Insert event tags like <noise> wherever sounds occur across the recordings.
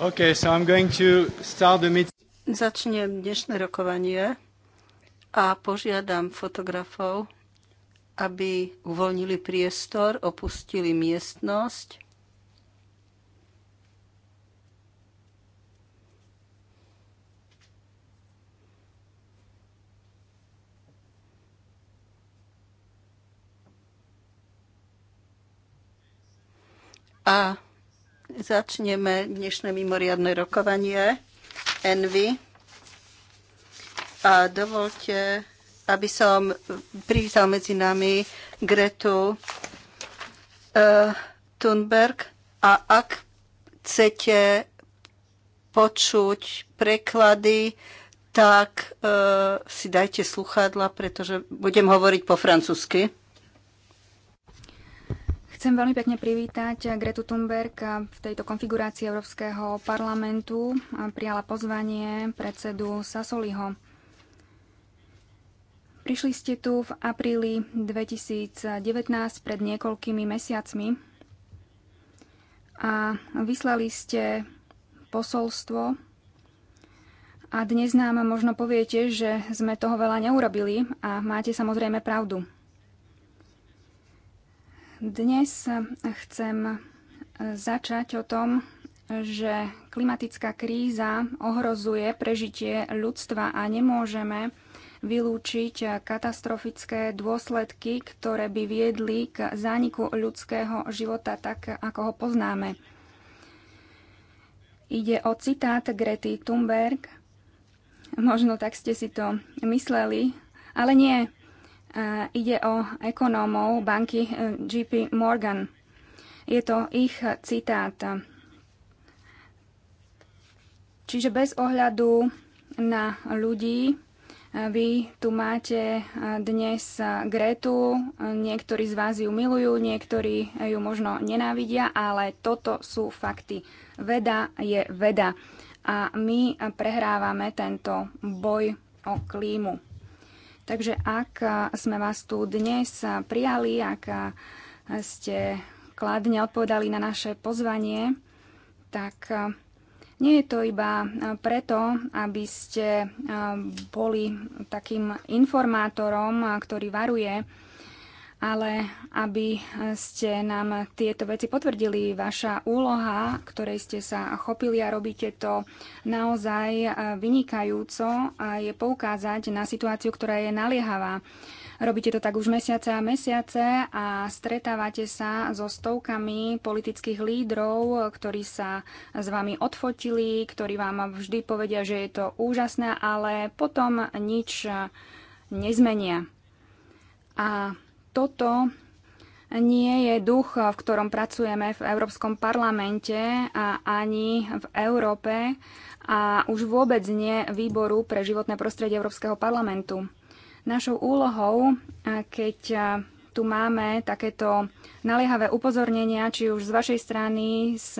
Okay, so I'm going to start the meeting. Začnem dnešné rokovanie a požiadam fotografov, aby uvoľnili priestor, opustili miestnosť. A Začneme dnešné mimoriadne rokovanie Envy. A dovolte, aby som privítal medzi nami Gretu uh, Thunberg. A ak chcete počuť preklady, tak uh, si dajte sluchadla, pretože budem hovoriť po francúzsky. Chcem veľmi pekne privítať Gretu Thunberg v tejto konfigurácii Európskeho parlamentu. Prijala pozvanie predsedu Sasoliho. Prišli ste tu v apríli 2019 pred niekoľkými mesiacmi a vyslali ste posolstvo a dnes nám možno poviete, že sme toho veľa neurobili a máte samozrejme pravdu. Dnes chcem začať o tom, že klimatická kríza ohrozuje prežitie ľudstva a nemôžeme vylúčiť katastrofické dôsledky, ktoré by viedli k zániku ľudského života tak, ako ho poznáme. Ide o citát Grety Thunberg. Možno tak ste si to mysleli, ale nie. Ide o ekonómov banky eh, JP Morgan. Je to ich citát. Čiže bez ohľadu na ľudí, eh, vy tu máte eh, dnes Gretu, niektorí z vás ju milujú, niektorí ju možno nenávidia, ale toto sú fakty. Veda je veda a my prehrávame tento boj o klímu. Takže ak sme vás tu dnes prijali, ak ste kladne odpovedali na naše pozvanie, tak nie je to iba preto, aby ste boli takým informátorom, ktorý varuje ale aby ste nám tieto veci potvrdili, vaša úloha, ktorej ste sa chopili a robíte to naozaj eh, vynikajúco, je poukázať na situáciu, ktorá je naliehavá. Robíte to tak už mesiace a mesiace a stretávate sa so stovkami politických lídrov, ktorí sa s vami odfotili, ktorí vám vždy povedia, že je to úžasné, ale potom nič eh, nezmenia. A toto nie je duch, v ktorom pracujeme v Európskom parlamente a ani v Európe a už vôbec nie výboru pre životné prostredie Európskeho parlamentu. Našou úlohou, keď tu máme takéto naliehavé upozornenia, či už z vašej strany, z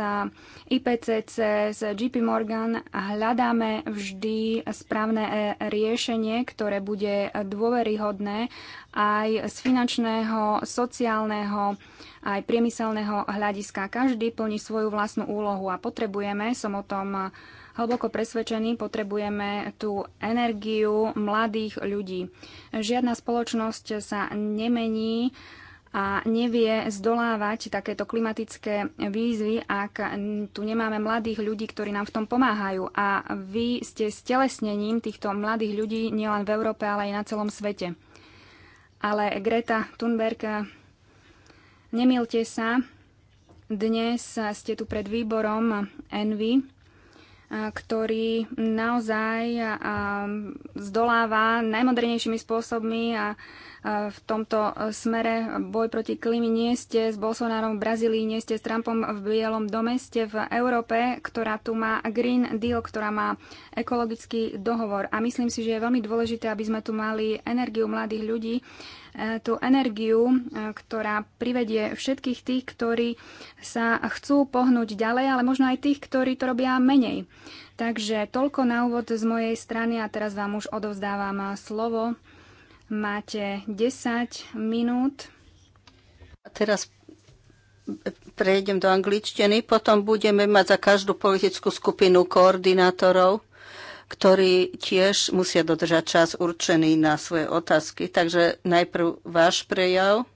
IPCC, z JP Morgan a hľadáme vždy správne e, riešenie, ktoré bude dôveryhodné aj z finančného, sociálneho, aj priemyselného hľadiska. Každý plní svoju vlastnú úlohu a potrebujeme, som o tom hlboko presvedčení, potrebujeme tú energiu mladých ľudí. Žiadna spoločnosť sa nemení a nevie zdolávať takéto klimatické výzvy, ak tu nemáme mladých ľudí, ktorí nám v tom pomáhajú. A vy ste stelesnením týchto mladých ľudí nielen v Európe, ale aj na celom svete. Ale Greta Thunberg, nemilte sa, dnes ste tu pred výborom Envy ktorý naozaj zdoláva najmodernejšími spôsobmi a v tomto smere. Boj proti klímy nie ste s Bolsonárom v Brazílii, nie ste s Trumpom v Bielom domeste v Európe, ktorá tu má Green Deal, ktorá má ekologický dohovor. A myslím si, že je veľmi dôležité, aby sme tu mali energiu mladých ľudí, e, tú energiu, e, ktorá privedie všetkých tých, ktorí sa chcú pohnúť ďalej, ale možno aj tých, ktorí to robia menej. Takže toľko na úvod z mojej strany a teraz vám už odovzdávam slovo Máte 10 minút. A teraz prejdem do angličtiny, potom budeme mať za každú politickú skupinu koordinátorov, ktorí tiež musia dodržať čas určený na svoje otázky. Takže najprv váš prejav.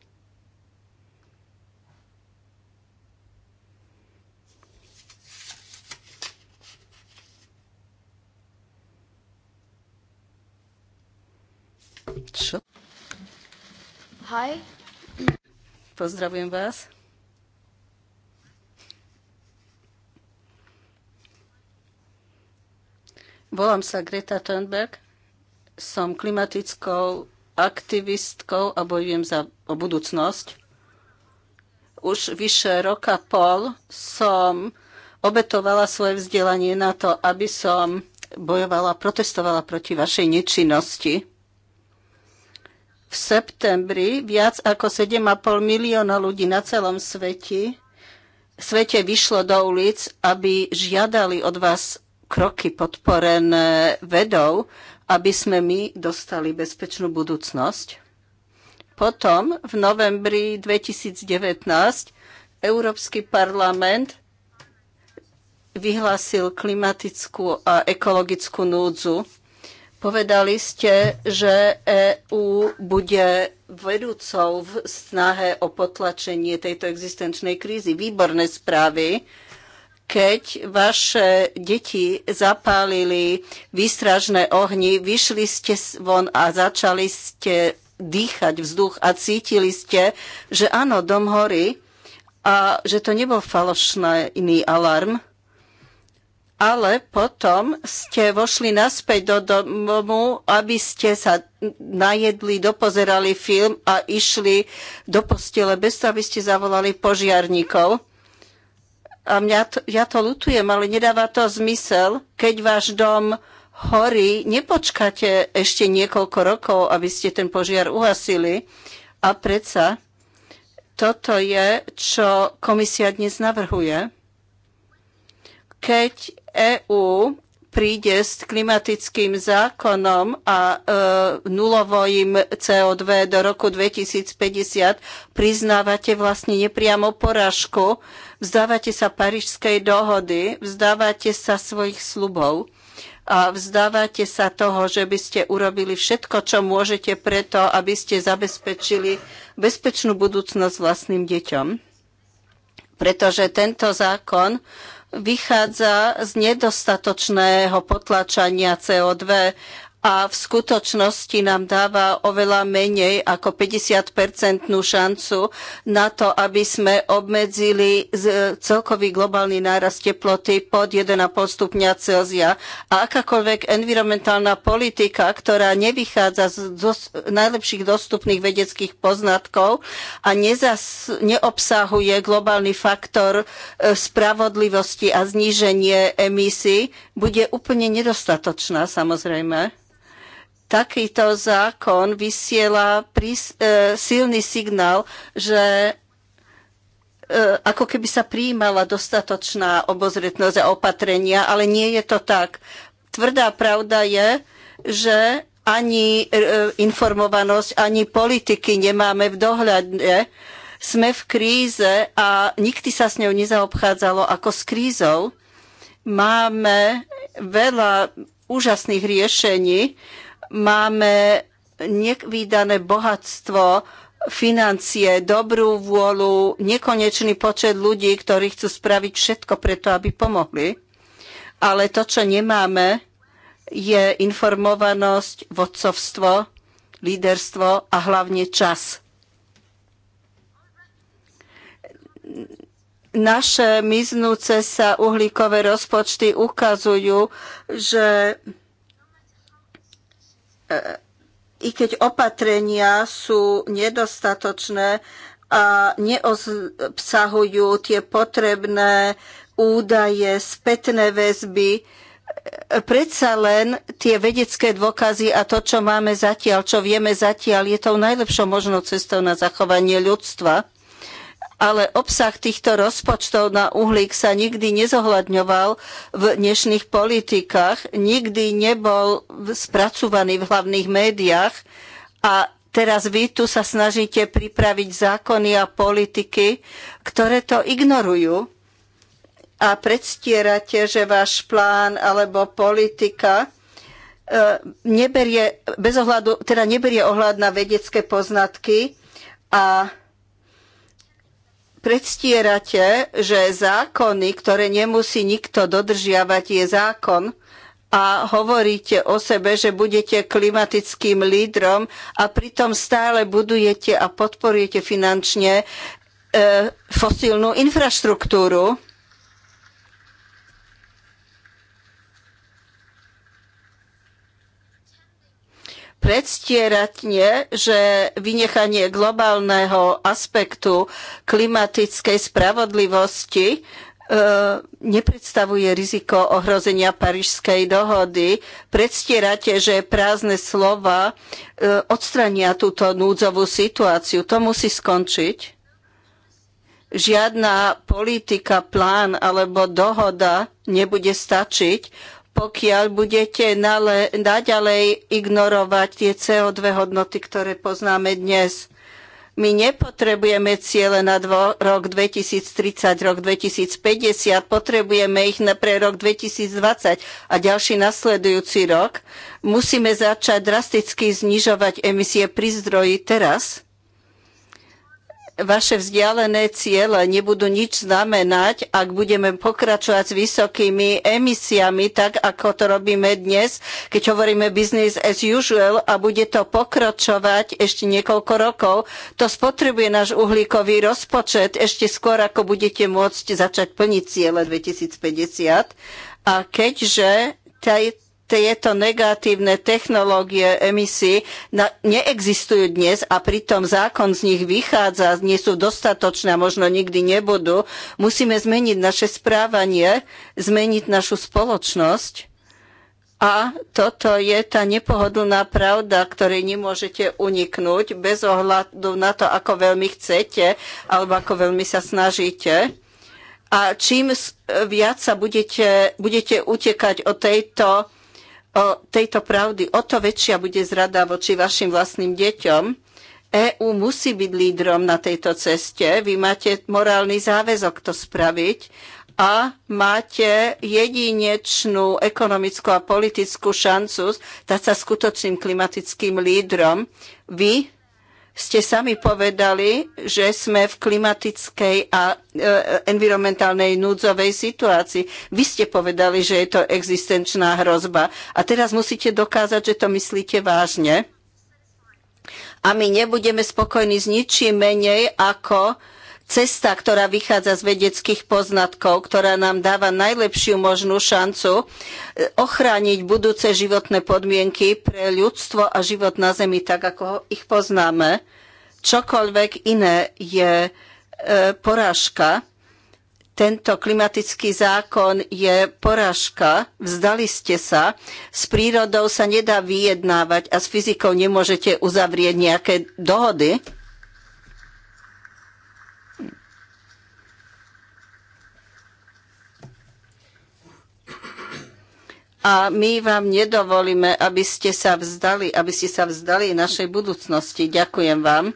Čo? Hi. Pozdravujem vás. Volám sa Greta Thunberg, som klimatickou aktivistkou a bojujem za o budúcnosť. Už vyše roka pol som obetovala svoje vzdelanie na to, aby som bojovala, protestovala proti vašej nečinnosti v septembri viac ako 7,5 milióna ľudí na celom svete, svete vyšlo do ulic, aby žiadali od vás kroky podporené vedou, aby sme my dostali bezpečnú budúcnosť. Potom v novembri 2019 Európsky parlament vyhlásil klimatickú a ekologickú núdzu Povedali ste, že EÚ bude vedúcou v snahe o potlačenie tejto existenčnej krízy. Výborné správy. Keď vaše deti zapálili výstražné ohni, vyšli ste von a začali ste dýchať vzduch a cítili ste, že áno, dom horí a že to nebol falošný alarm, ale potom ste vošli naspäť do domu, aby ste sa najedli, dopozerali film a išli do postele bez toho, aby ste zavolali požiarníkov. A mňa to, ja to lutujem, ale nedáva to zmysel, keď váš dom horí, nepočkáte ešte niekoľko rokov, aby ste ten požiar uhasili. A predsa toto je, čo komisia dnes navrhuje. Keď EÚ príde s klimatickým zákonom a e, nulovým CO2 do roku 2050, priznávate vlastne nepriamo porážku, vzdávate sa Parížskej dohody, vzdávate sa svojich slubov a vzdávate sa toho, že by ste urobili všetko, čo môžete preto, aby ste zabezpečili bezpečnú budúcnosť vlastným deťom. Pretože tento zákon vychádza z nedostatočného potlačania CO2 a v skutočnosti nám dáva oveľa menej ako 50-percentnú šancu na to, aby sme obmedzili celkový globálny nárast teploty pod 1,5 stupňa Celzia. A akákoľvek environmentálna politika, ktorá nevychádza z dos- najlepších dostupných vedeckých poznatkov a nezas- neobsahuje globálny faktor e, spravodlivosti a zníženie emisí, bude úplne nedostatočná samozrejme. Takýto zákon vysiela prís, e, silný signál, že e, ako keby sa prijímala dostatočná obozretnosť a opatrenia, ale nie je to tak. Tvrdá pravda je, že ani e, informovanosť, ani politiky nemáme v dohľade. Sme v kríze a nikdy sa s ňou nezaobchádzalo ako s krízou. Máme veľa úžasných riešení, Máme nevýdané bohatstvo, financie, dobrú vôľu, nekonečný počet ľudí, ktorí chcú spraviť všetko preto, aby pomohli. Ale to, čo nemáme, je informovanosť, vodcovstvo, líderstvo a hlavne čas. Naše miznúce sa uhlíkové rozpočty ukazujú, že i keď opatrenia sú nedostatočné a neobsahujú tie potrebné údaje, spätné väzby, predsa len tie vedecké dôkazy a to, čo máme zatiaľ, čo vieme zatiaľ, je tou najlepšou možnou cestou na zachovanie ľudstva ale obsah týchto rozpočtov na uhlík sa nikdy nezohľadňoval v dnešných politikách, nikdy nebol spracovaný v hlavných médiách a teraz vy tu sa snažíte pripraviť zákony a politiky, ktoré to ignorujú a predstierate, že váš plán alebo politika e, neberie, bez ohľadu, teda neberie ohľad na vedecké poznatky a predstierate, že zákony, ktoré nemusí nikto dodržiavať, je zákon a hovoríte o sebe, že budete klimatickým lídrom a pritom stále budujete a podporujete finančne e, fosílnu infraštruktúru. predstieratne, že vynechanie globálneho aspektu klimatickej spravodlivosti e, nepredstavuje riziko ohrozenia Parížskej dohody. Predstierate, že prázdne slova e, odstrania túto núdzovú situáciu. To musí skončiť. Žiadna politika, plán alebo dohoda nebude stačiť, pokiaľ budete naďalej ignorovať tie CO2 hodnoty, ktoré poznáme dnes. My nepotrebujeme ciele na dvo, rok 2030, rok 2050, potrebujeme ich na pre rok 2020 a ďalší nasledujúci rok. Musíme začať drasticky znižovať emisie pri zdroji teraz vaše vzdialené ciele nebudú nič znamenať, ak budeme pokračovať s vysokými emisiami, tak ako to robíme dnes, keď hovoríme business as usual a bude to pokračovať ešte niekoľko rokov. To spotrebuje náš uhlíkový rozpočet ešte skôr, ako budete môcť začať plniť ciele 2050. A keďže tej, tieto negatívne technológie emisí neexistujú dnes a pritom zákon z nich vychádza, nie sú dostatočné a možno nikdy nebudú. Musíme zmeniť naše správanie, zmeniť našu spoločnosť. A toto je tá nepohodlná pravda, ktorej nemôžete uniknúť bez ohľadu na to, ako veľmi chcete alebo ako veľmi sa snažíte. A čím viac sa budete, budete utekať od tejto o tejto pravdy, o to väčšia bude zrada voči vašim vlastným deťom. EÚ musí byť lídrom na tejto ceste. Vy máte morálny záväzok to spraviť a máte jedinečnú ekonomickú a politickú šancu stať sa skutočným klimatickým lídrom. Vy ste sami povedali, že sme v klimatickej a e, environmentálnej núdzovej situácii. Vy ste povedali, že je to existenčná hrozba. A teraz musíte dokázať, že to myslíte vážne. A my nebudeme spokojní s ničím menej ako cesta, ktorá vychádza z vedeckých poznatkov, ktorá nám dáva najlepšiu možnú šancu e, ochrániť budúce životné podmienky pre ľudstvo a život na Zemi tak, ako ich poznáme. Čokoľvek iné je e, porážka. Tento klimatický zákon je porážka. Vzdali ste sa. S prírodou sa nedá vyjednávať a s fyzikou nemôžete uzavrieť nejaké dohody. a my vám nedovolíme, aby ste sa vzdali, aby ste sa vzdali našej budúcnosti. Ďakujem vám.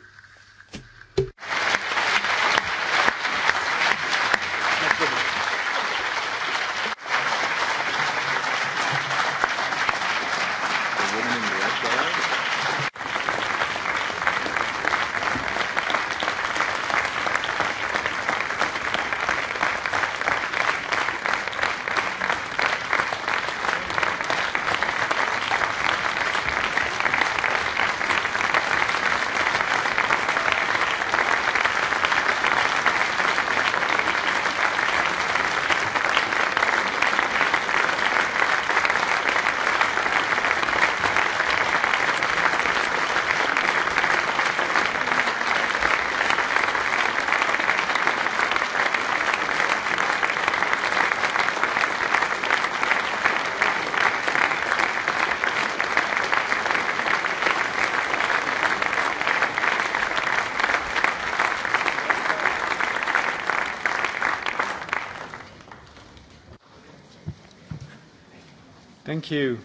Thank you.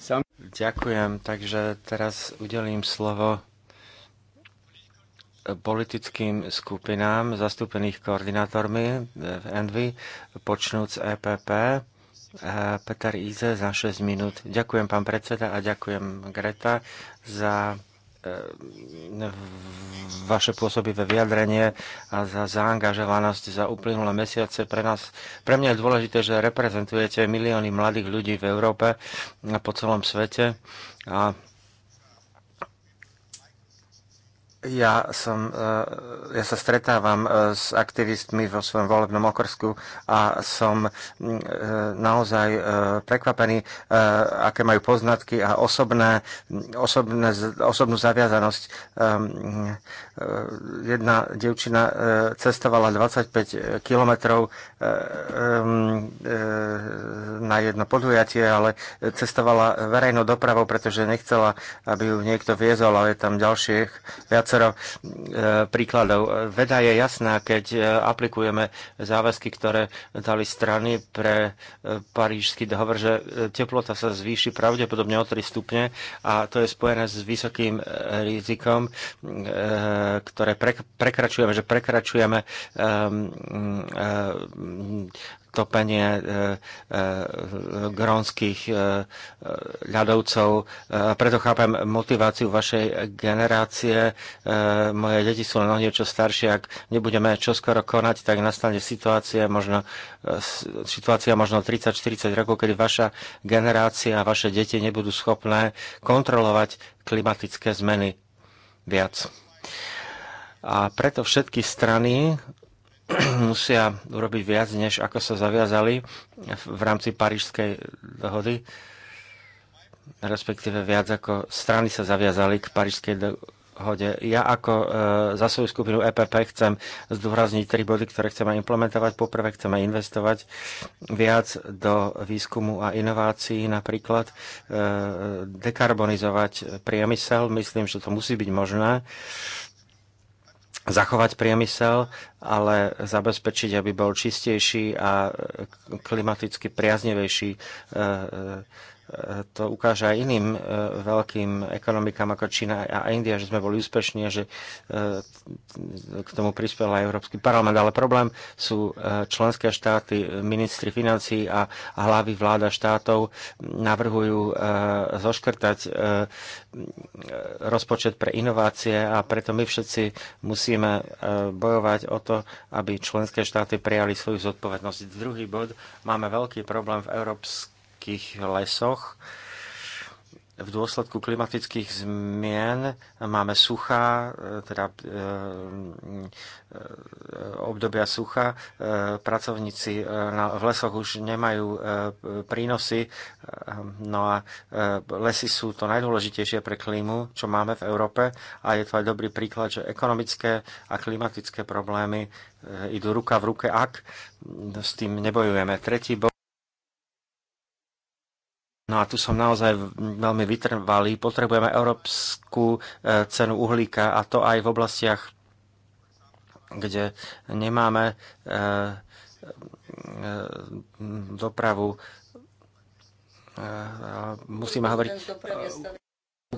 Some... Ďakujem, takže teraz udelím slovo politickým skupinám zastúpených koordinátormi v Envy, počnúc EPP. Eh, Peter Ize za 6 minút. Ďakujem, pán predseda, a ďakujem, Greta, za Ehm, vaše pôsobivé vyjadrenie a za zaangažovanosť za uplynulé mesiace. Pre, nás, pre mňa je dôležité, že reprezentujete milióny mladých ľudí v Európe a po celom svete a Ja, som, e, ja sa stretávam e, s aktivistmi vo svojom volebnom okrsku a som e, naozaj prekvapený, aké majú poznatky a osobné, osobné, osobnú zaviazanosť. Ehm, jedna dievčina cestovala 25 kilometrov ehm, na jedno podujatie, ale cestovala verejnou dopravou, pretože nechcela, aby ju niekto viezol, ale je tam ďalších viacej viacero e, príkladov. Veda je jasná, keď e, aplikujeme záväzky, ktoré dali strany pre e, parížský dohovor, že teplota sa zvýši pravdepodobne o 3 stupne a to je spojené s vysokým rizikom, ktoré prekračujeme, že prekračujeme topenie e, e, grónskych e, ľadovcov. preto chápem motiváciu vašej generácie. moje deti sú len o niečo staršie. Ak nebudeme čoskoro konať, tak nastane situácia možno, situácia možno 30-40 rokov, kedy vaša generácia a vaše deti nebudú schopné kontrolovať klimatické zmeny viac. A preto všetky strany <clears throat> musia urobiť viac, než ako sa zaviazali v rámci Parížskej dohody, respektíve viac ako strany sa zaviazali k Parížskej dohode. Ja ako e, za svoju skupinu EPP chcem zdôrazniť tri body, ktoré chceme implementovať. Poprvé chceme investovať viac do výskumu a inovácií, napríklad e, dekarbonizovať priemysel. Myslím, že to musí byť možné zachovať priemysel, ale zabezpečiť, aby bol čistejší a klimaticky priaznivejší eh, eh, to ukáže aj iným e, veľkým ekonomikám ako Čína a India, že sme boli úspešní a že e, k tomu prispel aj Európsky parlament. Ale problém sú e, členské štáty, ministri financí a hlavy vláda štátov navrhujú zoškrtať rozpočet pre inovácie a preto my všetci musíme bojovať o to, aby členské štáty prijali svoju zodpovednosť. Druhý bod, máme veľký problém v Európskej európskych lesoch. V dôsledku klimatických zmien máme suchá, e, teda e, e, obdobia sucha. pracovníci v lesoch už nemajú prínosy. no a lesy sú to najdôležitejšie pre klímu, čo máme v Európe. A je to aj dobrý príklad, že ekonomické a klimatické problémy idú ruka v ruke, ak s tým nebojujeme. Tretí bod. No a tu som naozaj veľmi vytrvalý. Potrebujeme európsku e, cenu uhlíka a to aj v oblastiach, kde nemáme e, e, dopravu. Musíme hovoriť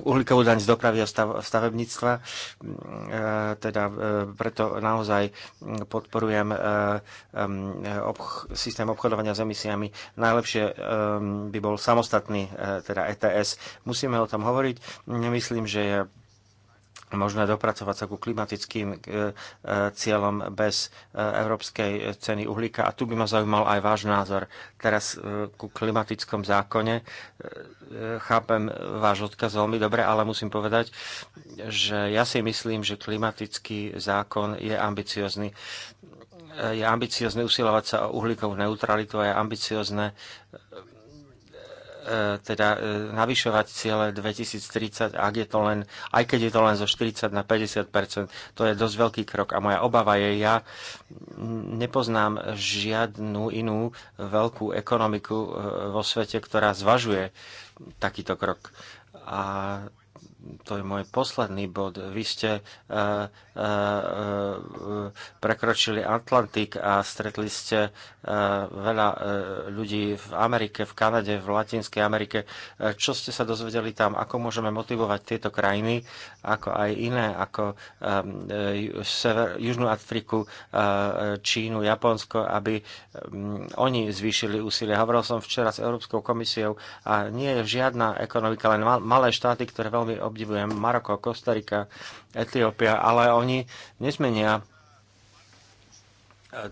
uhlíkovú daň z dopravy a stavebníctva. Mm, e, teda e, preto naozaj podporujem e, systém obchodovania s emisiami. Najlepšie by bol samostatný, teda ETS. Musíme o tom hovoriť. Myslím, že je možné dopracovať sa ku klimatickým e, e, cieľom bez e, európskej ceny uhlíka. A tu by ma zaujímal aj váš názor. Teraz ku klimatickom zákone chápem váš odkaz veľmi dobre, ale musím povedať, že ja si myslím, že klimatický zákon je ambiciozný je ambiciozne usilovať sa o uhlíkovú neutralitu a je ambiciozne E, teda e, navyšovať ciele 2030, ak je to len, aj keď je to len zo 40 na 50 to je dosť veľký krok. A moja obava je, ja nepoznám žiadnu inú veľkú ekonomiku e, vo svete, ktorá zvažuje takýto krok. A to je môj posledný bod. Vy ste uh, uh, uh, prekročili Atlantik a stretli ste e, veľa e, ľudí v Amerike, v Kanade, v Latinskej Amerike. E, čo ste sa dozvedeli tam? Ako môžeme motivovať tieto krajiny, ako aj iné, ako sever, Južnú Afriku, Čínu, Japonsko, aby um, oni zvýšili úsilie? Hovoril som včera s Európskou komisiou a nie je žiadna ekonomika, len malé štáty, ktoré veľmi obdivujú obdivujem Maroko, Kostarika, Etiópia, ale oni nezmenia e,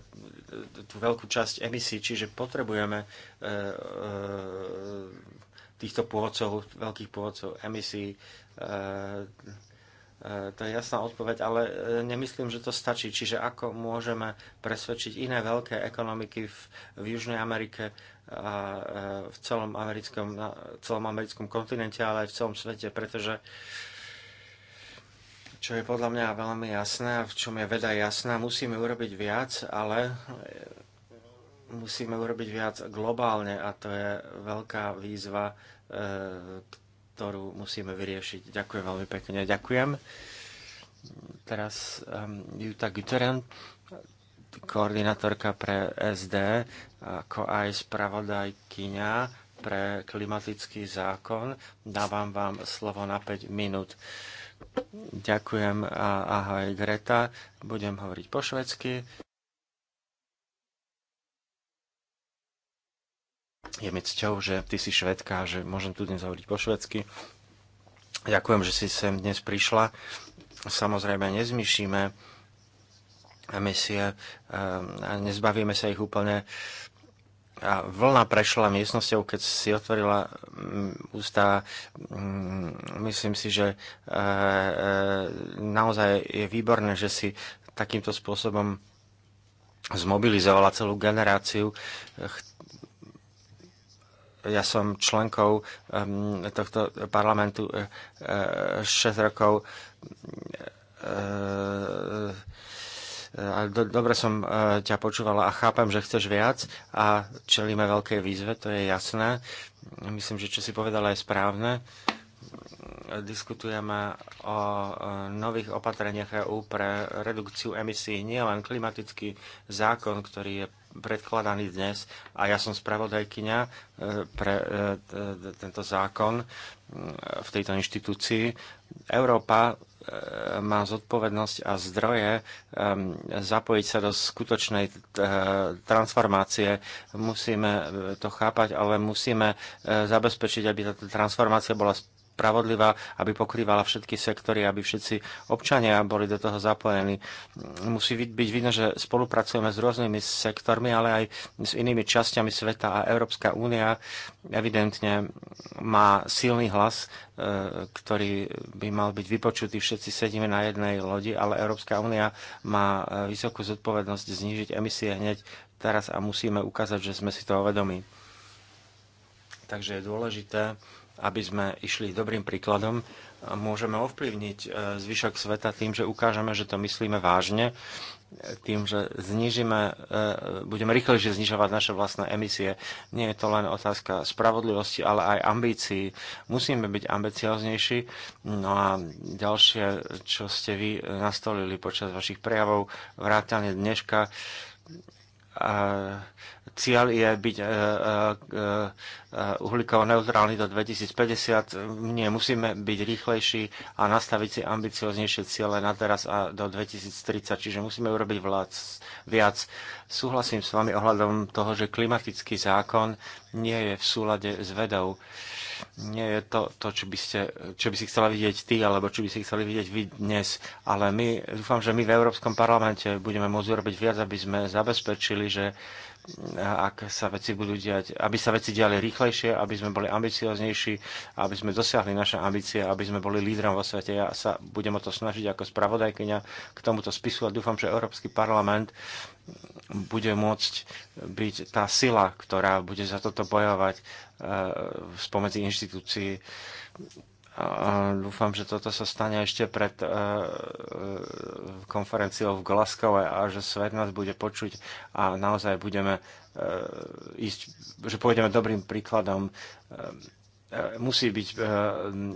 tú veľkú časť emisí, čiže potrebujeme e, e, týchto pôvodcov, veľkých pôvodcov emisí. To je jasná odpoveď, ale nemyslím, že to stačí. Čiže ako môžeme presvedčiť iné veľké ekonomiky v, v Južnej Amerike, a v celom americkom, na celom americkom kontinente, ale aj v celom svete, pretože čo je podľa mňa veľmi jasné a v čom je veda jasná, musíme urobiť viac, ale musíme urobiť viac globálne a to je veľká výzva, e, ktorú musíme vyriešiť. Ďakujem veľmi pekne. Ďakujem. Teraz um, Jutta koordinátorka pre SD ako aj spravodajkyňa pre klimatický zákon. Dávam vám slovo na 5 minút. Ďakujem a ahoj Greta. Budem hovoriť po švedsky. Je mi cťou, že ty si švedka, že môžem tu dnes hovoriť po švedsky. Ďakujem, že si sem dnes prišla. Samozrejme, nezmyšíme emisie eh, a nezbavíme sa ich úplne. A vlna prešla miestnosťou, keď si otvorila mm, ústa. Mm, myslím si, že eh, eh, naozaj je výborné, že si takýmto spôsobom zmobilizovala celú generáciu. Ja som členkou mm, tohto parlamentu 6 rokov E, do, dobre som e, ťa počúvala a chápam, že chceš viac a čelíme veľkej výzve, to je jasné. Myslím, že čo si povedala je správne. Diskutujeme o e, nových opatreniach EU pre redukciu emisí, nie len klimatický zákon, ktorý je predkladaný dnes a ja som spravodajkyňa pre tento zákon v tejto inštitúcii. Európa má zodpovednosť a zdroje zapojiť sa do skutočnej eh, transformácie. Musíme eh, to chápať, ale musíme eh, zabezpečiť, aby táto transformácia bola spravodlivá, aby pokrývala všetky sektory, aby všetci občania boli do toho zapojení. Musí byť vidno, že spolupracujeme s rôznymi sektormi, ale aj s inými časťami sveta a Európska únia evidentne má silný hlas, e, ktorý by mal byť vypočutý. Všetci sedíme na jednej lodi, ale Európska únia má e, vysokú zodpovednosť znížiť emisie hneď teraz a musíme ukázať, že sme si toho vedomí. Takže je dôležité aby sme išli dobrým príkladom, môžeme ovplyvniť e, zvyšok sveta tým, že ukážeme, že to myslíme vážne, e, tým, že znižíme, e, budeme rýchlejšie znižovať naše vlastné emisie. Nie je to len otázka spravodlivosti, ale aj ambícií. Musíme byť ambicioznejší. No a ďalšie, čo ste vy nastolili počas vašich prejavov, vrátane dneška, cieľ je byť e, e, e, uhlíkovo neutrálny do 2050. Nie, musíme byť rýchlejší a nastaviť si ambicioznejšie ciele na teraz a do 2030, čiže musíme urobiť vlád viac. Súhlasím s vami ohľadom toho, že klimatický zákon nie je v súlade s vedou. Uh, nie je to to, čo by, ste, čo by si chcela vidieť ty, alebo čo by si chceli vidieť vy dnes. Ale my, dúfam, že my v Európskom parlamente budeme môcť urobiť viac, aby sme zabezpečili, že ak sa veci budú diať, aby sa veci diali rýchlejšie, aby sme boli ambicioznejší, aby sme dosiahli naše ambície, aby sme boli lídrom vo svete. Ja sa budem o to snažiť ako spravodajkyňa k tomuto spisu a dúfam, že Európsky parlament bude môcť byť tá sila, ktorá bude za toto bojovať eh, spomedzi inštitúcií. A dúfam, že toto sa stane ešte pred e, e, konferenciou v Glasgow a že svet nás bude počuť a naozaj budeme e, ísť, že pôjdeme dobrým príkladom. Musí byť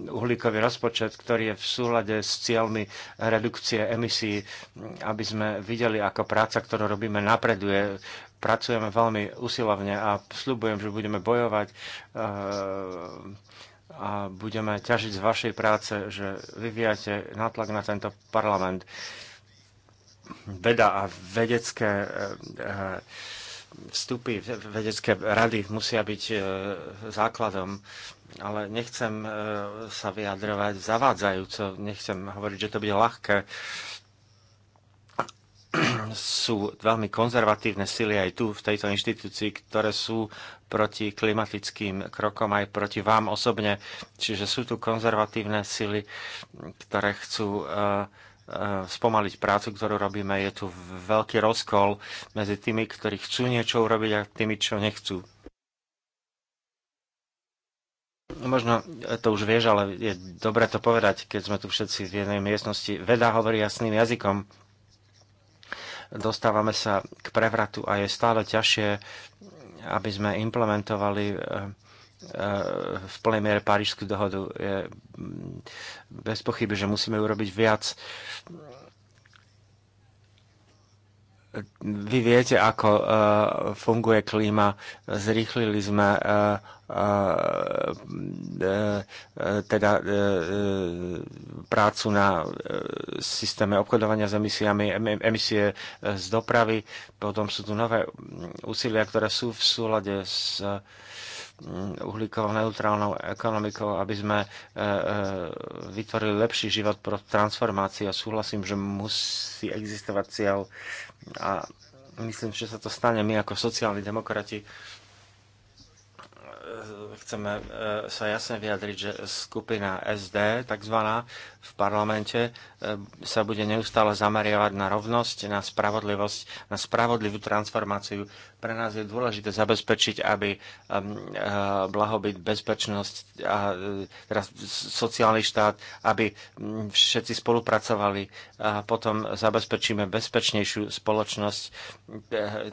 uhlíkový rozpočet, ktorý je v súlade s cieľmi redukcie emisí, aby sme videli, ako práca, ktorú robíme, napreduje pracujeme veľmi usilovne a slúbujem, že budeme bojovať a budeme ťažiť z vašej práce, že vyvíjate nátlak na tento parlament. Veda a vedecké e, e, vstupy, vedecké rady musia byť e, základom, ale nechcem sa vyjadrovať zavádzajúco, nechcem hovoriť, že to bude ľahké. Sú veľmi konzervatívne sily aj tu, v tejto inštitúcii, ktoré sú proti klimatickým krokom, aj proti vám osobne. Čiže sú tu konzervatívne sily, ktoré chcú e, e, spomaliť prácu, ktorú robíme. Je tu veľký rozkol medzi tými, ktorí chcú niečo urobiť a tými, čo nechcú. No, možno to už vieš, ale je dobré to povedať, keď sme tu všetci v jednej miestnosti. Veda hovorí jasným jazykom. Dostávame sa k prevratu a je stále ťažšie aby sme implementovali e, e, v plnej miere Parížskú dohodu. Je bez pochyby, že musíme urobiť viac vy viete, ako uh, funguje klíma. Zrýchlili sme uh, uh, teda prácu na systéme obchodovania s emisiami, emisie z dopravy. Potom sú tu nové úsilia, ktoré sú v súlade s uhlíkovou neutrálnou ekonomikou, aby sme vytvorili lepší život pro transformáciu. Súhlasím, že musí existovať cieľ a myslím, že sa to stane. My ako sociálni demokrati chceme e, sa jasne vyjadriť, že skupina SD, takzvaná v parlamente, e, sa bude neustále zameriavať na rovnosť, na spravodlivosť, na spravodlivú transformáciu. Pre nás je dôležité zabezpečiť, aby e, blahobyt, bezpečnosť a teraz sociálny štát, aby všetci spolupracovali a potom zabezpečíme bezpečnejšiu spoločnosť.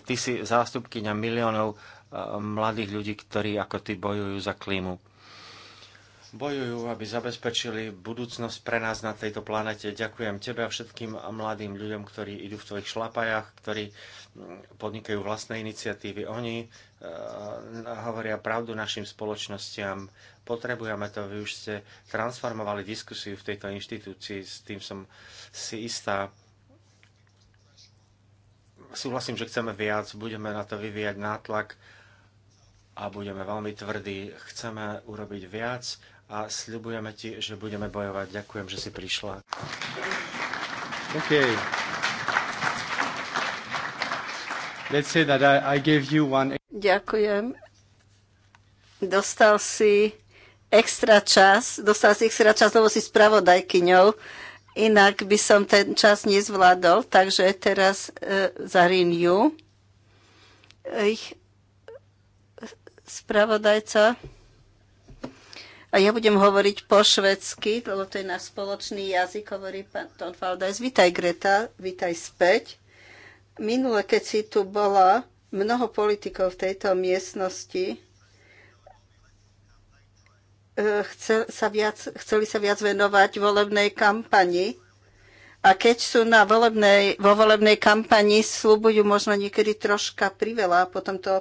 Ty si zástupkyňa miliónov mladých ľudí, ktorí ako ty bojujú za klímu. Bojujú, aby zabezpečili budúcnosť pre nás na tejto planete. Ďakujem tebe a všetkým mladým ľuďom, ktorí idú v tvojich šlapajách, ktorí mm, podnikajú vlastné iniciatívy. Oni e, hovoria pravdu našim spoločnostiam. Potrebujeme to. Vy už ste transformovali diskusiu v tejto inštitúcii. S tým som si istá súhlasím, že chceme viac, budeme na to vyvíjať nátlak a budeme veľmi tvrdí. Chceme urobiť viac a sľubujeme ti, že budeme bojovať. Ďakujem, že si prišla. Okay. Let's say that I, I gave you one... Ďakujem. Dostal si extra čas, dostal si extra čas, lebo si spravodajkyňou. Inak by som ten čas nezvládol, takže teraz uh, za Renew ich spravodajca. A ja budem hovoriť po švedsky, lebo to je náš spoločný jazyk, hovorí pán Ton Valdajs. Vítaj Greta, vítaj späť. Minule, keď si tu bola, mnoho politikov v tejto miestnosti eh, chcel, sa viac, chceli sa viac venovať volebnej kampani. A keď sú na volebnej, vo volebnej kampani, slúbujú možno niekedy troška priveľa a potom to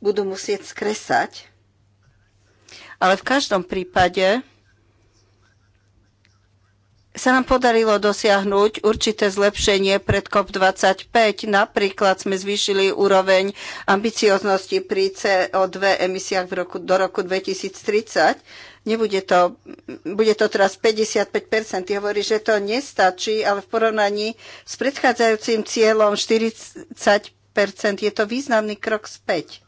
budú musieť skresať. Ale v každom prípade sa nám podarilo dosiahnuť určité zlepšenie pred COP25. Napríklad sme zvýšili úroveň ambicioznosti pri CO2 emisiách v roku, do roku 2030. Nebude to, bude to teraz 55%. Ty hovorí, že to nestačí, ale v porovnaní s predchádzajúcim cieľom 40% je to významný krok späť.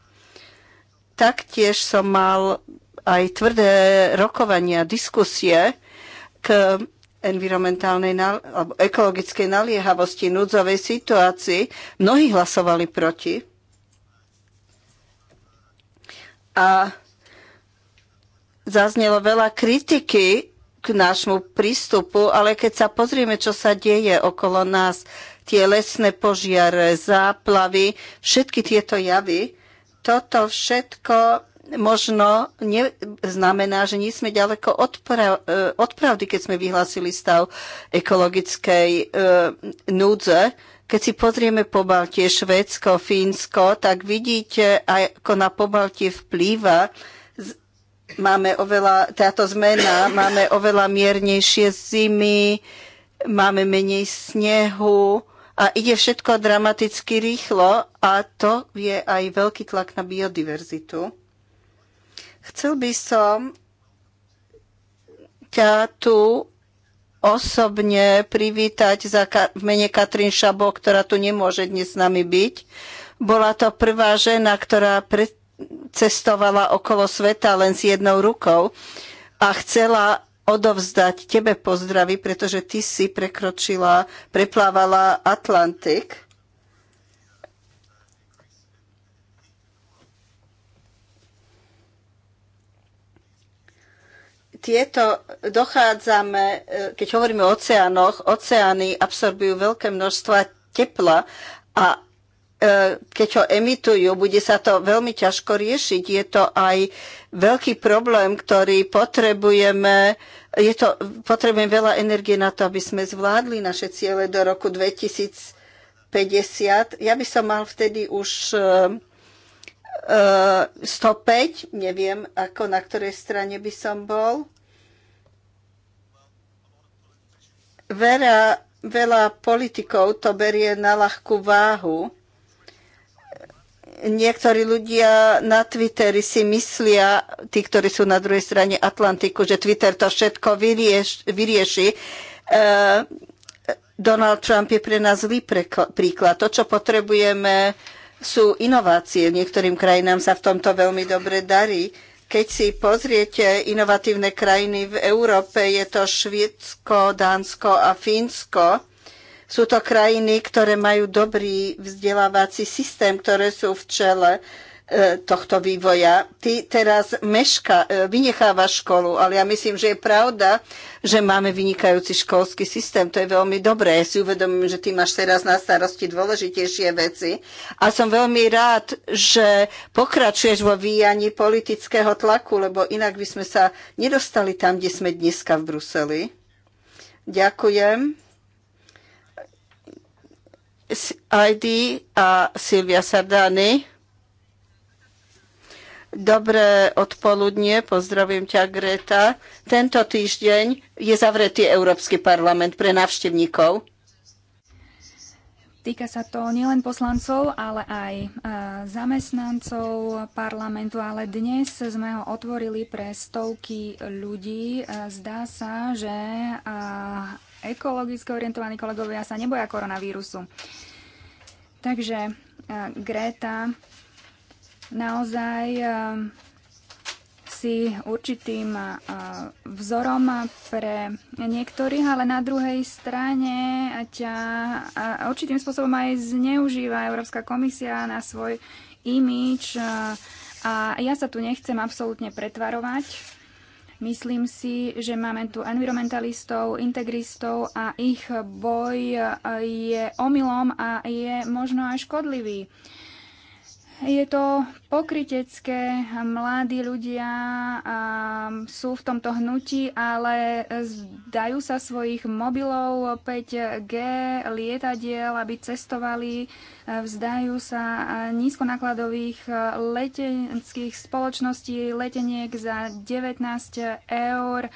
Taktiež som mal aj tvrdé rokovania, diskusie k environmentálnej alebo ekologickej naliehavosti núdzovej situácii. Mnohí hlasovali proti. A zaznelo veľa kritiky k nášmu prístupu, ale keď sa pozrieme, čo sa deje okolo nás, tie lesné požiare, záplavy, všetky tieto javy, toto všetko možno znamená, že nie sme ďaleko od, prav, eh, od pravdy, keď sme vyhlásili stav ekologickej e, núdze. Keď si pozrieme po Baltie, Švédsko, Fínsko, tak vidíte, ako na Pobaltie vplýva máme oveľa, táto zmena, máme oveľa miernejšie zimy, máme menej snehu, a ide všetko dramaticky rýchlo a to je aj veľký tlak na biodiverzitu. Chcel by som ťa tu osobne privítať za, v mene Katrin Šabo, ktorá tu nemôže dnes s nami byť. Bola to prvá žena, ktorá cestovala okolo sveta len s jednou rukou a chcela odovzdať tebe pozdravy, pretože ty si prekročila, preplávala Atlantik. tieto dochádzame, eh, keď hovoríme o oceánoch, oceány absorbujú veľké množstva tepla a E, keď ho emitujú, bude sa to veľmi ťažko riešiť. Je to aj veľký problém, ktorý potrebujeme. Je to, potrebujeme veľa energie na to, aby sme zvládli naše ciele do roku 2050. Ja by som mal vtedy už 105, e, e, neviem, ako na ktorej strane by som bol. Vera, veľa politikov to berie na ľahkú váhu niektorí ľudia na Twitteri si myslia, tí, ktorí sú na druhej strane Atlantiku, že Twitter to všetko vyrieš, vyrieši. E, Donald Trump je pre nás zlý príklad. To, čo potrebujeme, sú inovácie. Niektorým krajinám sa v tomto veľmi dobre darí. Keď si pozriete inovatívne krajiny v Európe, je to Švédsko, Dánsko a Fínsko sú to krajiny, ktoré majú dobrý vzdelávací systém, ktoré sú v čele e, tohto vývoja. Ty teraz meška, e, vynecháva školu, ale ja myslím, že je pravda, že máme vynikajúci školský systém. To je veľmi dobré. Ja si uvedomím, že ty máš teraz na starosti dôležitejšie veci. A som veľmi rád, že pokračuješ vo výjani politického tlaku, lebo inak by sme sa nedostali tam, kde sme dneska v Bruseli. Ďakujem. ID a Silvia Sardány. Dobré odpoludnie, pozdravím ťa, Greta. Tento týždeň je zavretý Európsky parlament pre návštevníkov. Týka sa to nielen poslancov, ale aj e, zamestnancov parlamentu, ale dnes sme ho otvorili pre stovky ľudí. E, zdá sa, že ekologicky orientovaní kolegovia sa neboja koronavírusu. Takže e, Greta naozaj e, si určitým e, vzorom pre niektorých, ale na druhej strane ťa určitým spôsobom aj zneužíva Európska komisia na svoj imič. A ja sa tu nechcem absolútne pretvarovať, Myslím si, že máme tu environmentalistov, integristov a ich boj je omylom a je možno aj škodlivý je to pokrytecké, mladí ľudia sú v tomto hnutí, ale zdajú sa svojich mobilov 5G, lietadiel, aby cestovali, vzdajú sa nízkonákladových e, letenských spoločností, leteniek za 19 eur, e,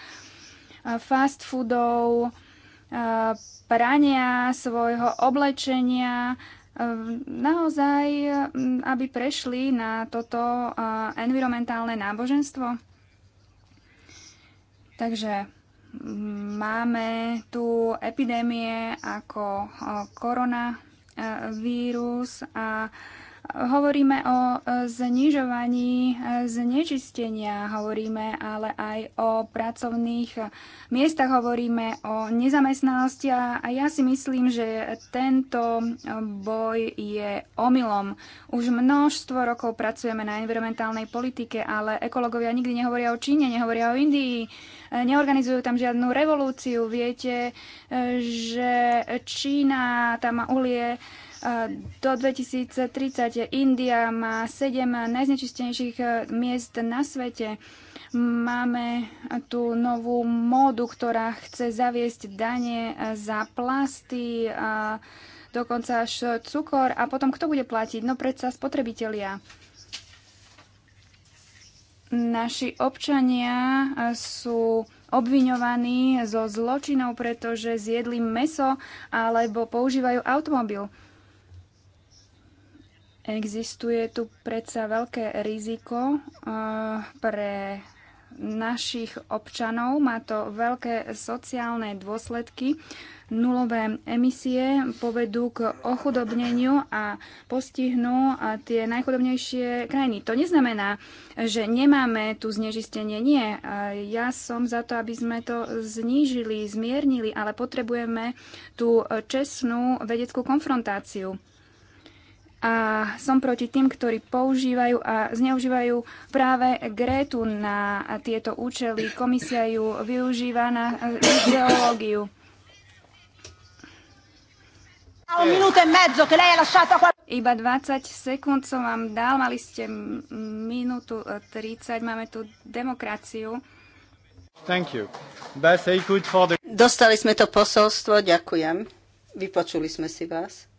fast foodov, e, prania svojho oblečenia, Ehm, naozaj, ehm, aby prešli na toto environmentálne náboženstvo. Takže mm, máme tu epidémie ako e, koronavírus a Hovoríme o e, znižovaní e, znečistenia, hovoríme ale aj o pracovných miestach, hovoríme o nezamestnanosti a ja si myslím, že tento boj je omylom. Už množstvo rokov pracujeme na environmentálnej politike, ale ekologovia nikdy nehovoria o Číne, nehovoria o Indii, e, neorganizujú tam žiadnu revolúciu. Viete, že Čína tam má uhlie do 2030 India má 7 najznečistenejších e, miest na svete. Máme tú novú módu, ktorá chce zaviesť dane e, za plasty, dokonca až cukor. A potom kto bude platiť? No predsa spotrebitelia naši občania e, sú obviňovaní zo zločinov, pretože zjedli meso alebo používajú automobil. Existuje tu predsa veľké riziko eh, pre našich občanov. Má to veľké sociálne dôsledky. Nulové emisie povedú k ochudobneniu a postihnú eh, tie najchudobnejšie krajiny. To neznamená, že nemáme tu znežistenie. Nie. Eh, ja som za to, aby sme to znížili, zmiernili, ale potrebujeme tú čestnú vedeckú konfrontáciu a som proti tým, ktorí používajú a zneužívajú práve Grétu na tieto účely. Komisia ju využíva na ideológiu. Iba 20 sekúnd som vám dal, mali ste minútu 30, máme tu demokraciu. Dostali sme to posolstvo, ďakujem. Vypočuli sme si vás.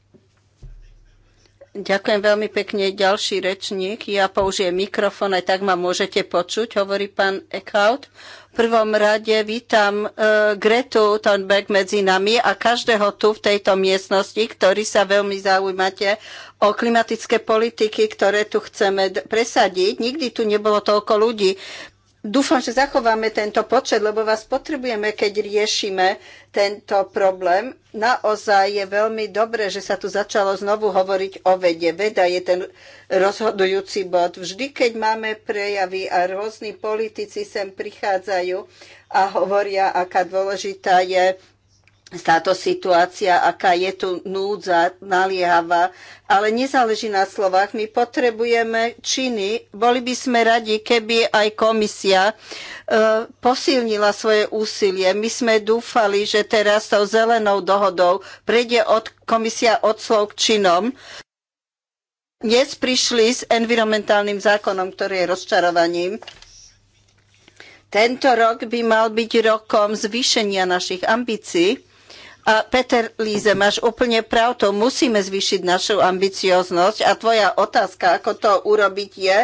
Ďakujem veľmi pekne. Ďalší rečník. Ja použijem mikrofón, aj tak ma môžete počuť, hovorí pán Eckhout. V prvom rade vítam uh, Gretu Thunberg medzi nami a každého tu v tejto miestnosti, ktorý sa veľmi zaujímate o klimatické politiky, ktoré tu chceme presadiť. Nikdy tu nebolo toľko ľudí, Dúfam, že zachováme tento počet, lebo vás potrebujeme, keď riešime tento problém. Naozaj je veľmi dobré, že sa tu začalo znovu hovoriť o vede. Veda je ten rozhodujúci bod. Vždy, keď máme prejavy a rôzni politici sem prichádzajú a hovoria, aká dôležitá je táto situácia, aká je tu núdza, naliehavá, ale nezáleží na slovách. My potrebujeme činy. Boli by sme radi, keby aj komisia e, posilnila svoje úsilie. My sme dúfali, že teraz tou zelenou dohodou prejde od komisia od slov k činom. Dnes prišli s environmentálnym zákonom, ktorý je rozčarovaním. Tento rok by mal byť rokom zvýšenia našich ambícií a Peter Líze, máš úplne pravdu, musíme zvýšiť našu ambicioznosť a tvoja otázka, ako to urobiť, je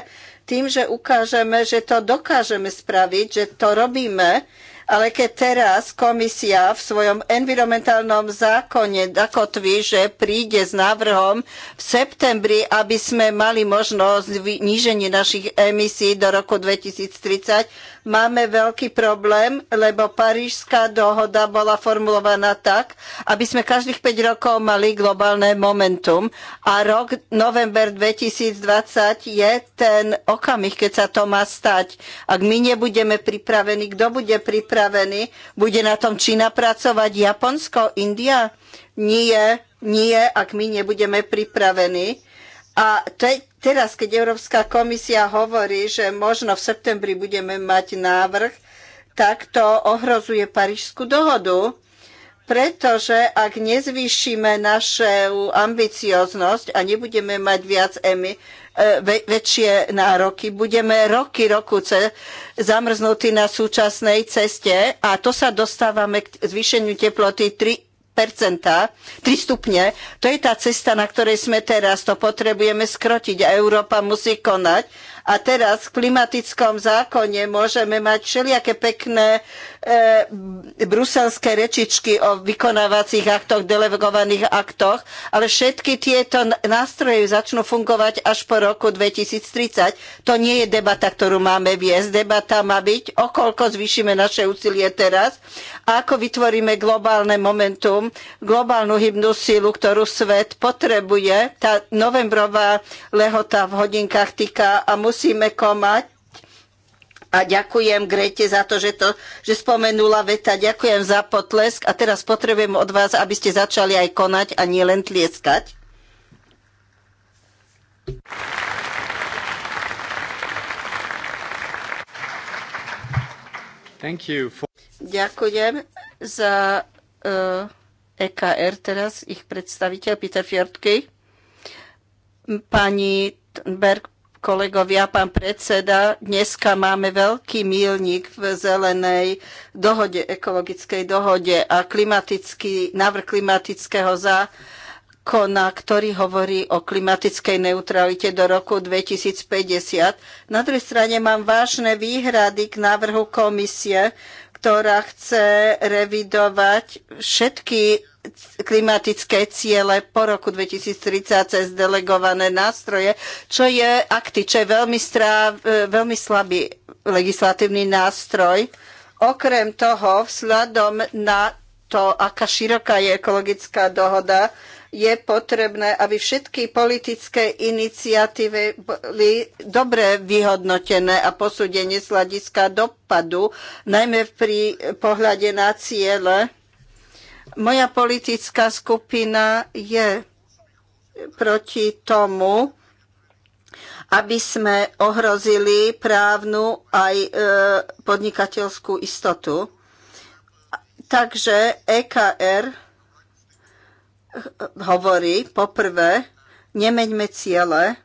tým, že ukážeme, že to dokážeme spraviť, že to robíme, ale keď teraz komisia v svojom environmentálnom zákone zakotví, že príde s návrhom v septembri, aby sme mali možnosť zníženie našich emisí do roku 2030, máme veľký problém, lebo Parížská dohoda bola formulovaná tak, aby sme každých 5 rokov mali globálne momentum a rok november 2020 je ten okamih, keď sa to má stať. Ak my nebudeme pripravení, kto bude pripravený? Bude na tom Čína pracovať, Japonsko, India? Nie, nie, ak my nebudeme pripravení. A teď Teraz, keď Európska komisia hovorí, že možno v septembri budeme mať návrh, tak to ohrozuje Parížskú dohodu, pretože ak nezvýšime našu ambicioznosť a nebudeme mať viac EMI, e, väčšie nároky. Budeme roky, roku zamrznutí na súčasnej ceste a to sa dostávame k zvýšeniu teploty 3 3 stupne. To je tá cesta, na ktorej sme teraz. To potrebujeme skrotiť a Európa musí konať a teraz v klimatickom zákone môžeme mať všelijaké pekné e, bruselské rečičky o vykonávacích aktoch, delegovaných aktoch, ale všetky tieto nástroje začnú fungovať až po roku 2030. To nie je debata, ktorú máme viesť. Debata má byť, o koľko zvýšime naše úsilie teraz a ako vytvoríme globálne momentum, globálnu hybnú silu, ktorú svet potrebuje. Tá novembrová lehota v hodinkách týka a musíme komať. A ďakujem Grete za to, že, to, že spomenula veta. Ďakujem za potlesk. A teraz potrebujem od vás, aby ste začali aj konať a nie len tlieskať. For... Ďakujem za uh, eh, EKR teraz, ich predstaviteľ Peter Fjordky. Pani Berg kolegovia, pán predseda, dneska máme veľký mílnik v zelenej dohode, ekologickej dohode a klimatický, návrh klimatického zákona, ktorý hovorí o klimatickej neutralite do roku 2050. Na druhej strane mám vážne výhrady k návrhu komisie, ktorá chce revidovať všetky klimatické ciele po roku 2030 cez delegované nástroje, čo je akty, čo je veľmi, stráv, e, veľmi slabý legislatívny nástroj. Okrem toho, vzhľadom na to, aká široká je ekologická dohoda, je potrebné, aby všetky politické iniciatívy boli dobre vyhodnotené a posúdenie z hľadiska dopadu, najmä pri pohľade na ciele moja politická skupina je proti tomu, aby sme ohrozili právnu aj e, podnikateľskú istotu. Takže EKR hovorí poprvé, nemeňme ciele,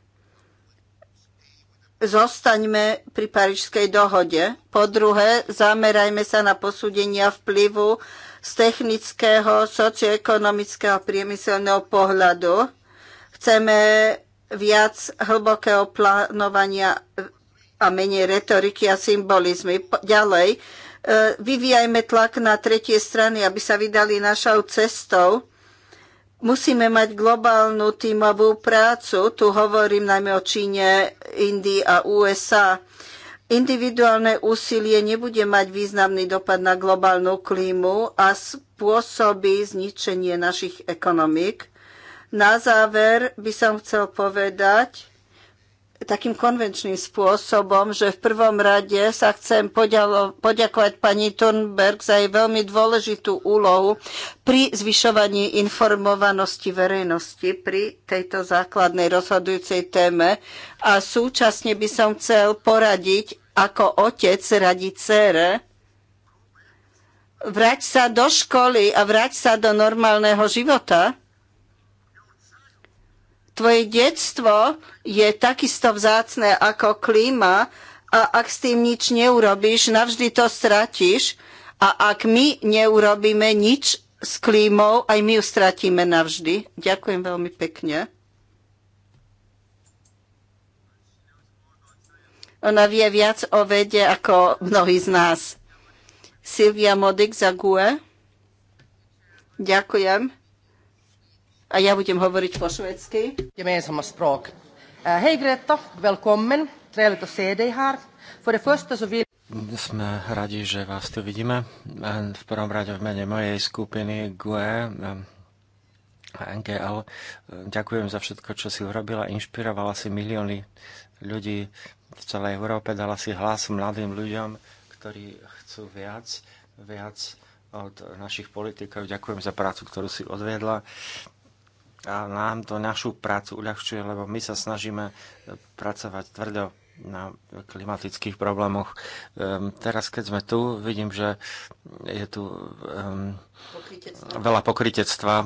zostaňme pri Parížskej dohode. Po druhé, zamerajme sa na posúdenia vplyvu z technického, socioekonomického a priemyselného pohľadu. Chceme viac hlbokého plánovania a menej retoriky a symbolizmy. Ďalej, e, vyvíjajme tlak na tretie strany, aby sa vydali našou cestou. Musíme mať globálnu tímovú prácu, tu hovorím najmä o Číne, Indii a USA. Individuálne úsilie nebude mať významný dopad na globálnu klímu a spôsobí zničenie našich ekonomík. Na záver by som chcel povedať, takým konvenčným spôsobom, že v prvom rade sa chcem poďalo, poďakovať pani Thunberg za jej veľmi dôležitú úlohu pri zvyšovaní informovanosti verejnosti pri tejto základnej rozhodujúcej téme a súčasne by som chcel poradiť ako otec radi cére, vrať sa do školy a vrať sa do normálneho života Tvoje detstvo je takisto vzácne ako klíma a ak s tým nič neurobíš, navždy to stratíš a ak my neurobíme nič s klímou, aj my ju stratíme navždy. Ďakujem veľmi pekne. Ona vie viac o vede ako mnohí z nás. Silvia Modik za GUE. Ďakujem. A ja budem hovoriť po švedsky. Gemensamma språk. Eh, hej Greta, välkommen. Trevligt att se dig här. För det första så vill sme radi, že vás tu vidíme. Eh, v prvom rade v mene mojej skupiny GUE a eh, NGL ďakujem za všetko, čo si urobila. Inšpirovala si milióny ľudí v celej Európe, dala si hlas mladým ľuďom, ktorí chcú viac, viac od našich politikov. Ďakujem za prácu, ktorú si odviedla a nám to našu prácu uľahčuje, lebo my sa snažíme e, pracovať tvrdo na klimatických problémoch. Um, teraz, keď sme tu, vidím, že je tu um, pokrytectva. veľa pokritectva, e,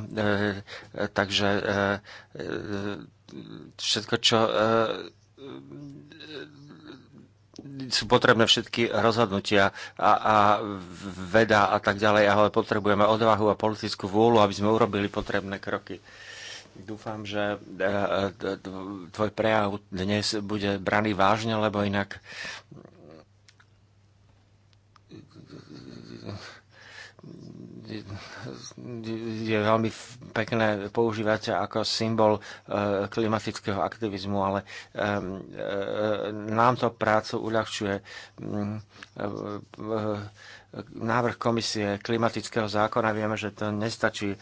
takže e, e, všetko, čo e, e, sú potrebné všetky rozhodnutia a, a veda a tak ďalej, ale potrebujeme odvahu a politickú vôľu, aby sme urobili potrebné kroky. Dúfam, že e, e, tvoj prejav dnes bude braný vážne, lebo inak je veľmi pekné používať ako symbol e, klimatického aktivizmu, ale e, nám to prácu uľahčuje mm, e, návrh komisie klimatického zákona. Vieme, že to nestačí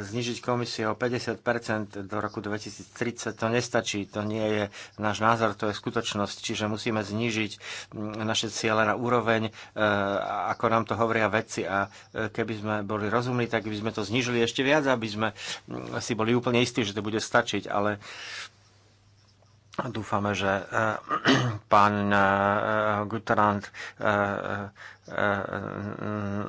znižiť komisie o 50 do roku 2030. To nestačí, to nie je náš názor, to je skutočnosť. Čiže musíme znižiť naše ciele na úroveň, ako nám to hovoria vedci veci a e, keby sme boli rozumní, tak by sme to znižili ešte viac, aby sme mm, si boli úplne istí, že to bude stačiť, ale dúfame, že e, <clears throat> pán e, Guterrand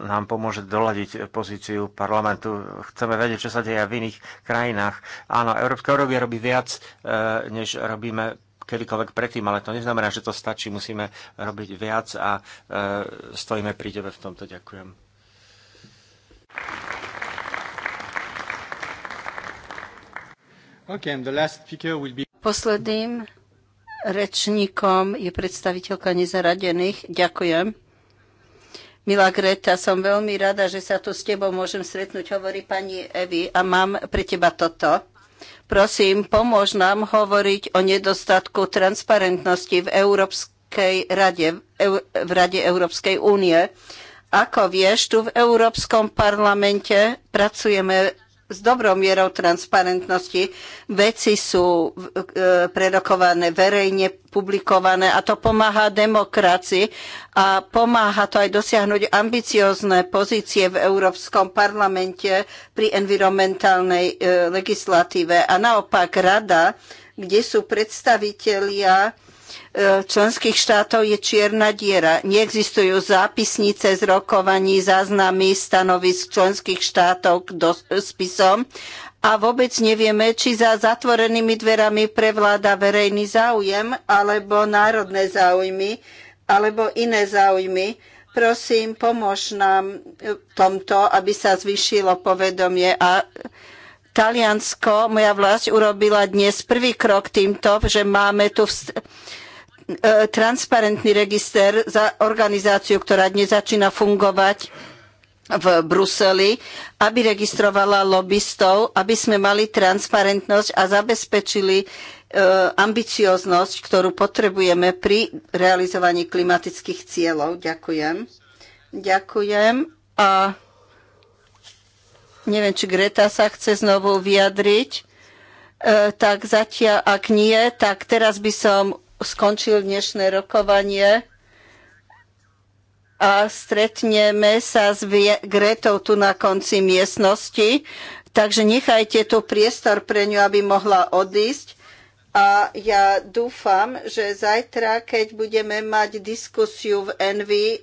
nám pomôže doľadiť pozíciu parlamentu. Chceme vedieť, čo sa deje v iných krajinách. Áno, Európska úrovia robí viac, než robíme kedykoľvek predtým, ale to neznamená, že to stačí. Musíme robiť viac a e, stojíme pri tebe v tomto. Ďakujem. Okay, be... Posledným rečníkom je predstaviteľka nezaradených. Ďakujem. Milá Greta, som veľmi rada, že sa tu s tebou môžem stretnúť, hovorí pani Evi, a mám pre teba toto. Prosím, pomôž nám hovoriť o nedostatku transparentnosti v Európskej rade, v Rade Európskej únie. Ako vieš, tu v Európskom parlamente pracujeme s dobrou mierou transparentnosti. Veci sú e, prerokované verejne, publikované a to pomáha demokracii a pomáha to aj dosiahnuť ambiciozne pozície v Európskom parlamente pri environmentálnej e, legislatíve. A naopak rada, kde sú predstavitelia E, členských štátov je čierna diera. Neexistujú zápisnice z rokovaní, záznamy stanovisk členských štátov k spisom a vôbec nevieme, či za zatvorenými dverami prevláda verejný záujem alebo národné záujmy alebo iné záujmy. Prosím, pomôž nám tomto, aby sa zvýšilo povedomie a Taliansko, moja vlast, urobila dnes prvý krok týmto, že máme tu E, transparentný register za organizáciu, ktorá dnes začína fungovať v Bruseli, aby registrovala lobbystov, aby sme mali transparentnosť a zabezpečili e, ambicioznosť, ktorú potrebujeme pri realizovaní klimatických cieľov. Ďakujem. Ďakujem. A neviem, či Greta sa chce znovu vyjadriť. E, tak zatiaľ, ak nie, tak teraz by som skončil dnešné rokovanie a stretneme sa s Gretou tu na konci miestnosti. Takže nechajte tu priestor pre ňu, aby mohla odísť. A ja dúfam, že zajtra, keď budeme mať diskusiu v Envy, eh,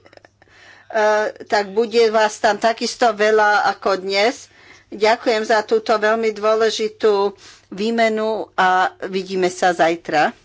tak bude vás tam takisto veľa ako dnes. Ďakujem za túto veľmi dôležitú výmenu a vidíme sa zajtra.